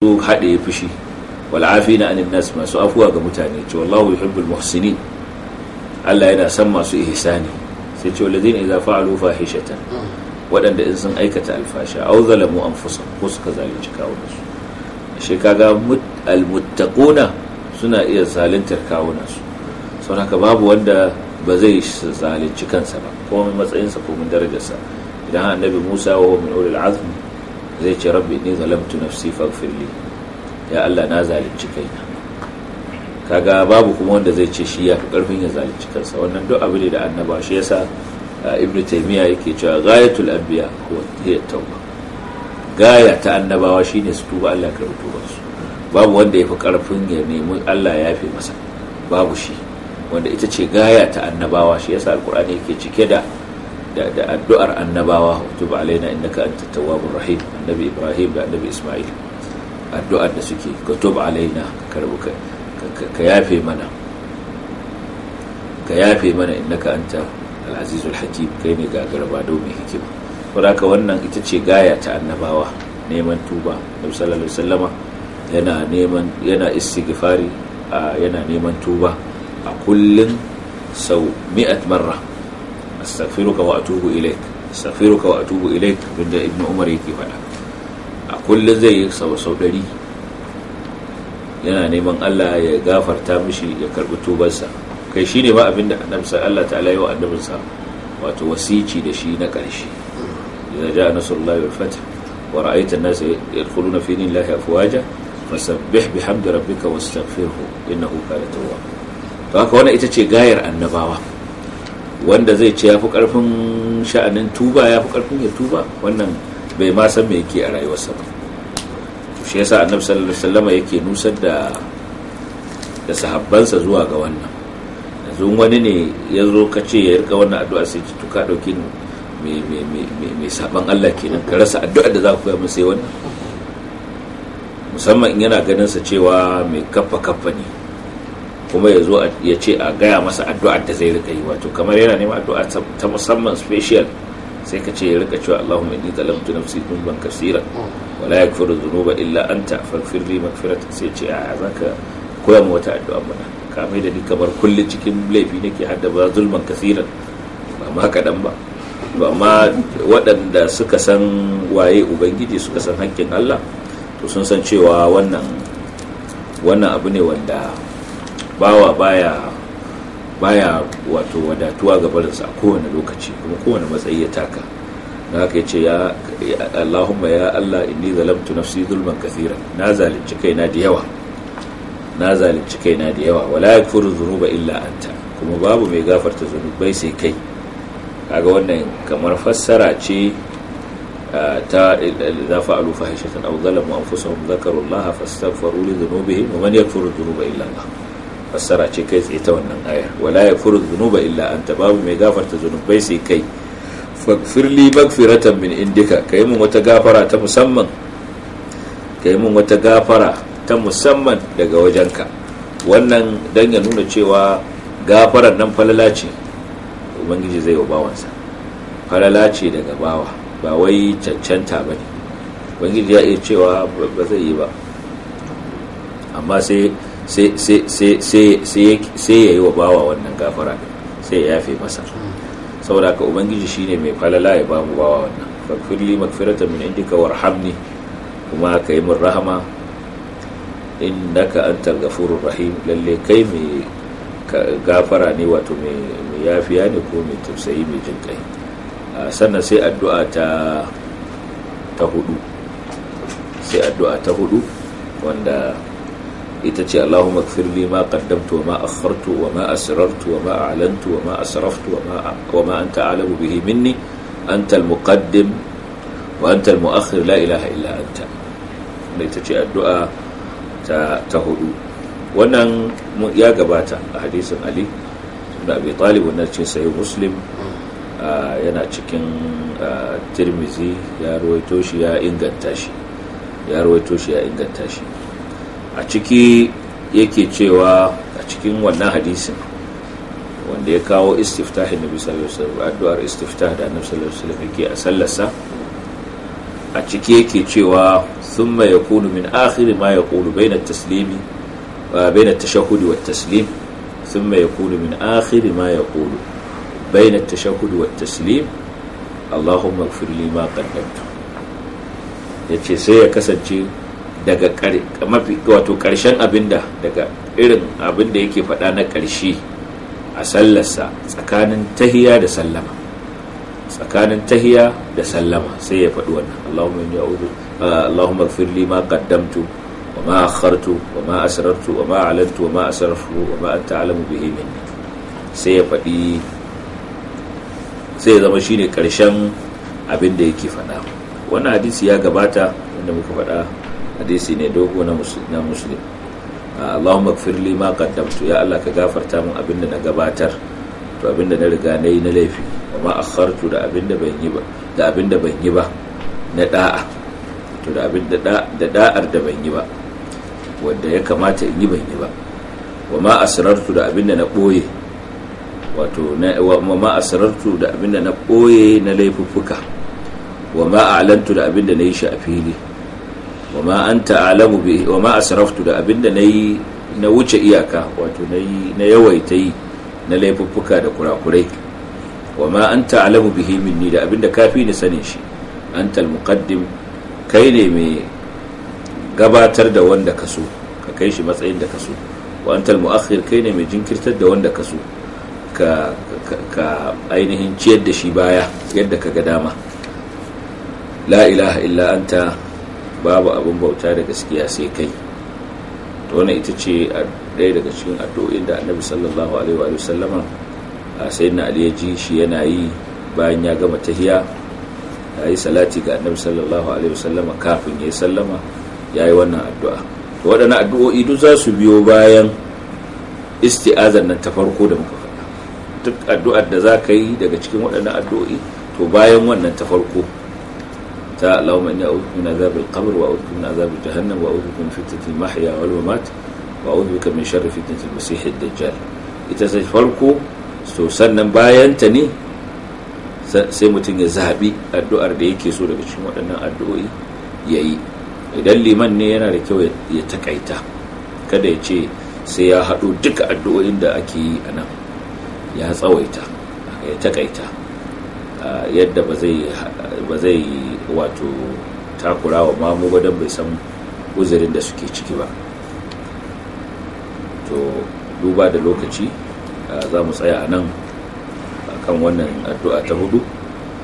su haɗe fushi na anin nas masu afuwa ga mutane ce wallahu yuhibbul muhsinin Allah yana san masu ihsani sai ce walladina idza fa'alu fahishatan waɗanda in sun aikata alfasha aw zalamu anfusahum ko suka zalunci kawunansu shi kaga almuttaquna suna iya zaluntar kawunansu sau haka babu wanda ba zai zalunci kansa ba ko min matsayinsa ko min darajarsa idan annabi Musa wa min ulul azm zai ce rabbi ne zalamtu nafsi faghfirli ya Allah na zalunci kaina kaga babu kuma wanda zai ce shi ya fi karfin ya zalunci kansa wannan duk abu ne da annaba shi yasa ibnu taymiya yake cewa ghayatul anbiya huwa tauba. gaya ta annabawa shine su tuba Allah ka tuba su babu wanda ya fi karfin ya nemi Allah ya fi masa babu shi wanda ita ce gaya ta annabawa shi yasa alkur'ani yake cike da da addu'ar annabawa tub alaina innaka antat tawwabur rahim annabi ibrahim da annabi isma'il addu'ar da suke ka tub alaina ka yafe mana ka yafe mana innaka anta al-azizul hakim kai ne gagarba da mai hikima saboda wannan ita ce gaya ta annabawa neman tuba nabi sallallahu alaihi wasallama yana neman yana istighfari yana neman tuba a kullum sau mi'at marra astaghfiruka wa atubu ilaik astaghfiruka wa atubu ilaik abinda ibnu umar yake faɗa a kullum zai yi sau sau ɗari yana neman Allah ya gafarta mishi ya karɓi tubarsa kai shi ne ma abinda annabsa Allah ta'ala yi wa annabinsa wato wasici da shi na ƙarshe idan ja nasrullahi wal fath wa ra'aita an-nasa yadkhuluna fi dinillahi afwaja fasabbih bihamdi rabbika wastaghfirhu innahu kana tawwab to haka wannan ita ce gayar annabawa wanda zai ce ya fi karfin sha'anin tuba ya fi karfin ya tuba wannan bai ma san mai yake a rayuwarsa ba shi yasa annabi sallallahu alaihi wasallam yake nusar da da sahabbansa zuwa ga wannan yanzu wani ne ya zo ka ce ya rika wannan addu'a sai ki tuka dauki me me me Allah kenan ka rasa addu'a da za ku yi sai wannan musamman in yana ganin sa cewa mai kaffa kaffa ne kuma ya zo ya ce a gaya masa addu'ar da zai rika yi wato kamar yana neman addu'a ta musamman special sai ka ce ya rika cewa Allahumma inni zalamtu nafsi dhunban kaseera wa la yaghfiru dhunuba illa anta faghfir li maghfiratan sai ce a zaka koya mu wata addu'a mana ka mai da ni kamar kullu cikin laifi nake hadda ba zulman kaseeran ba ma kadan ba ba amma waɗanda suka san waye ubangiji suka san hakkin Allah to sun san cewa wannan wannan abu ne wanda bawa baya baya wato wadatuwa ga a kowane lokaci kuma kowane matsayi ya taka na haka yace ya Allahumma ya Allah inni zalamtu nafsi zulman kathira na zalunci kaina da yawa na zalunci kaina da yawa wala yakfuru dhunuba illa anta kuma babu mai gafarta zunubai sai kai kaga wannan kamar fassara ce ta idza fa'alu fahishatan aw zalamu anfusahum dhakaru fastaghfiru li dhunubihim wa man yakfuru dhunuba illa Allah fassara ce kai tsaye ta wannan aya wala ya furu zunuba illa ta babu mai gafarta zunubai sai kai fagfirli magfiratan min indika kai mun wata gafara ta musamman yi mun wata gafara ta musamman daga wajenka wannan dan ya nuna cewa gafarar nan falala ce ubangiji zai wa bawansa falala ce daga bawa ba wai cancanta ba ne ubangiji ya iya cewa ba zai yi ba amma sai sai ya yi wa bawa wannan gafara sai ya yafe masa saboda ka ubangiji shine mai falala ya bamu bawa wannan fakfirli makfirata min indika warhamni kuma ka yi min rahama innaka an ghafurur rahim lalle kai mai gafara ne wato mai yafiya ne ko mai tausayi mai jin kai sannan sai addu'a ta ta hudu sai addu'a ta hudu wanda ita ce Allahumma ighfirli ma qaddamtu wa ma akhartu wa ma asrartu wa ma a'lantu wa ma asraftu wa ma anta a'lamu bihi minni anta al-muqaddim wa anta al-mu'akhir la ilaha illa anta ita ce addu'a ta ta hudu wannan ya gabata a hadisin Ali da Abi Talib wannan ce sayi Muslim yana cikin Tirmizi ya ruwaito shi ya inganta shi ya ruwaito shi ya inganta shi a ciki yake cewa a cikin wannan hadisin wanda ya kawo istiftahin nabi sallallahu alaihi wasallam addu'ar istiftah da annabi sallallahu alaihi wasallam yake a sallarsa a ciki yake cewa thumma yakunu min akhir ma yaqulu bayna at-taslimi bayna at-tashahhud wa at-taslim thumma yakunu min akhir ma yaqulu bayna at-tashahhud wa at-taslim Allahumma ighfir li ma qaddamtu yace sai ya kasance daga mafi wato ƙarshen abinda daga irin abinda yake faɗa na ƙarshe a sallarsa tsakanin tahiya da sallama tsakanin tahiya da sallama sai ya faɗi wannan Allahumma inni a'udhu Allahumma ighfir li ma qaddamtu wa ma akhartu wa ma asrartu wa ma alantu wa ma asraftu wa ma anta alamu bihi minni sai ya faɗi sai ya zama shine ƙarshen abinda yake faɗa wannan hadisi ya gabata inda muka faɗa hadisi ne dogo na muslim ah, Allahumma gfir li ma qaddamtu ya Allah ka gafarta min abinda na gabatar to abinda na riga na yi na laifi amma akhartu da abinda ban yi ba da abinda ban yi ba na da'a to da abinda da da'ar da ban yi ba wanda ya kamata in yi ban yi ba wa ma asrartu da abinda na boye wato na wa ma asrartu da abinda na boye na laifuffuka wa ma a'lantu da abinda na yi shi a fili wa ma anta alamu bi wa ma asraftu da abinda nayi na wuce iyaka wato nayi na yawaita yi na laifuffuka da kurakurai wa ma anta alamu bihi minni da abinda kafi ni sanin shi antal muqaddim kai ne mai gabatar da wanda ka so ka kai shi matsayin da ka so wa antal muakhir kai ne mai jinkirtar da wanda ka so ka ka ainihin ciyar da shi baya yadda ka ga dama la ilaha illa anta babu abin bauta da gaskiya sai kai to wannan ita ce a ɗaya daga cikin addu'o'in da annabi sallallahu alaihi wa sallama a sayyidina ali ya ji shi yana yi bayan ya gama tahiya ya yi salati ga annabi sallallahu alaihi wa sallama kafin ya yi sallama ya yi wannan addu'a to wadannan addu'o'i duk za su biyo bayan isti'azar nan ta farko da muka faɗa duk addu'ar da za ka yi daga cikin waɗannan addu'o'i to bayan wannan ta farko ta Allahumma inni a'udhu min azabil qabr wa a'udhu min azabil jahannam wa a'udhu min fitnatil mahya wal mamat wa a'udhu bika min sharri fitnatil masiihid dajjal ita sai farko so sannan bayan ta ne sai mutum ya zaɓi addu'ar da yake so daga cikin waɗannan addu'o'i ya yi idan liman ne yana da kyau ya takaita kada ya ce sai ya haɗu duka addu'o'in da ake yi a nan ya tsawaita ya takaita ah, yadda ba zai wato takura wa mamu ba bai san uzurin da suke ciki ba to duba da lokaci za mu tsaya a nan kan wannan addu'a ta hudu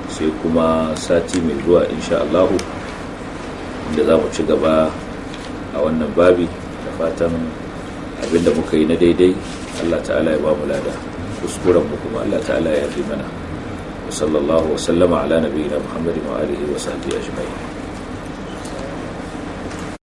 sai kuma sati mai zuwa insha Allahu inda za mu ci gaba a wannan babi da fatan abinda muka yi na daidai Allah ta'ala ya ba mu lada kuskuren mu kuma Allah ta'ala ya fi mana sallallahu wasallama ala nabiyina muhammadin wa alihi wa sahbihi ajma'in